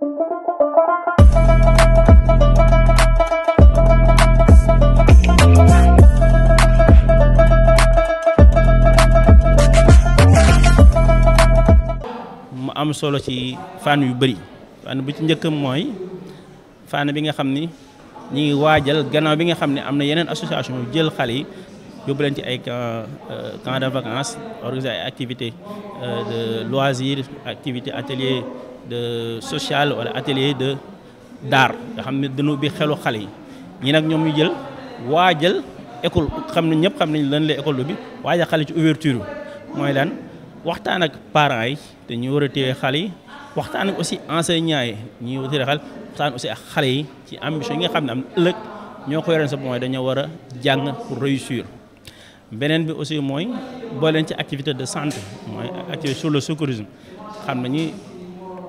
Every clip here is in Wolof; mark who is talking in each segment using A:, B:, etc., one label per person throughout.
A: mu am solo ci fànn yu bari fànn bu ci njëkk mooy fànn bi nga xam ni ñu ngi waajal gannaaw bi nga xam ne am na yeneen association yu jël xale yi yóbbu leen ci ay euh, camp de vacances organiser ay activités euh, de loisirs activités atelier de sociale wala atelier de d'art nga xam ne dañoo bi xelu xale yi ñii nag ñoom ñu jël waa waajal école xam ne ñëpp xam nañ lan la école bi waajal xale ci ouverture mooy lan waxtaan ak parents yi te ñuy war a téye xale yi waxtaan ak aussi enseignants yi ñuy téye xale waxtaan aussi ak xale yi ci ambition yi nga xam ne am ëllëg ñoo ko yoreen sa mooy dañoo war a jàng pour réussir beneen bi aussi mooy booleen ci activité de santé mooy activité sur le secourisme xam nañu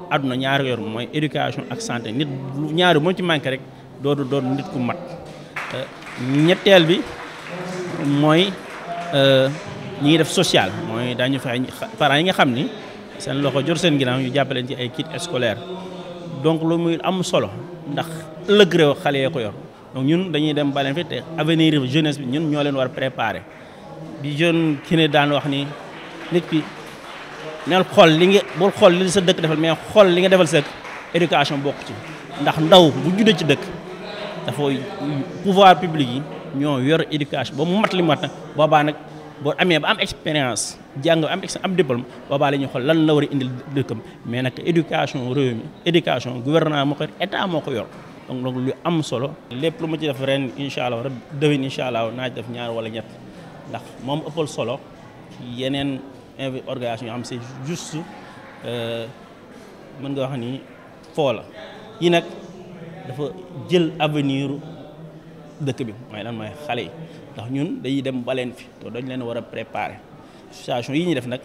A: àdduna ñaari yor mooy éducation ak santé nit ñaari moo ci manqué rek doodu doon nit ku mat euh, ñetteel bi mooy euh, ñi ngi def social mooy dañu fexe parents yi nga xam ni seen loxo jor seen ginnaaw ñu jàppaleen ci ay kit scolaire donc lu muy am solo ndax ëllëg réew xale yee ko yor donc ñun dañuy dem baleen fi te avenir jeunesse bi ñun ñoo leen war préparer bi jeune ki ne daan wax ni nit ki neel xool li nga bul xool li sa dëkk defal mais xool li nga defal sa éducation bokk ci ndax ndaw bu juddee ci dëkk dafa pouvoir public yi ñoo yor éducation ba mu mat li mat na boobaa nag boo amee ba am expérience jàng am am diplôme boobaa la ñuy xool lan la war a indil dëkkam mais nag éducation réew mi éducation gouvernement moo ko état moo ko yor donc lu am solo lépp lu ma ci def ren incha allah rek déwén allah naa def ñaar wala ñett ndax moom ëppal solo yeneen organisation yoo xam c'est juste euh, mën nga wax ni foo la yi nag dafa jël avenir dëkk bi mooy lan mooy xale yi ndax ñun dañuy dem ba leen fi te dañ leen war a préparer situation yi ñuy def nag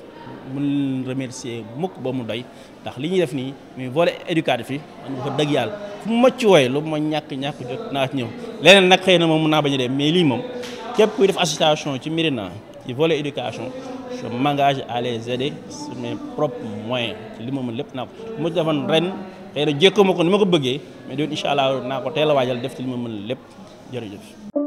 A: mun remercier mukk ba mu doy ndax li ñu def nii muy volet éducatif yi man nga ko dëgg yàlla fu ma ci woy lu ma ñàkk ñàkk jot naa ci ñëw leneen nag xëy na moom mun naa bañ a mais lii moom képp kuy def association ci Médina ci volet éducation je mangage à les aider sur mes propres moyens li ma mën lépp naa ko lu ma ci ren xëy na jékkoo ma ko ni ma ko bëggee mais doon incha allah naa ko teel a waajal def ci li ma mën lépp jërëjëf.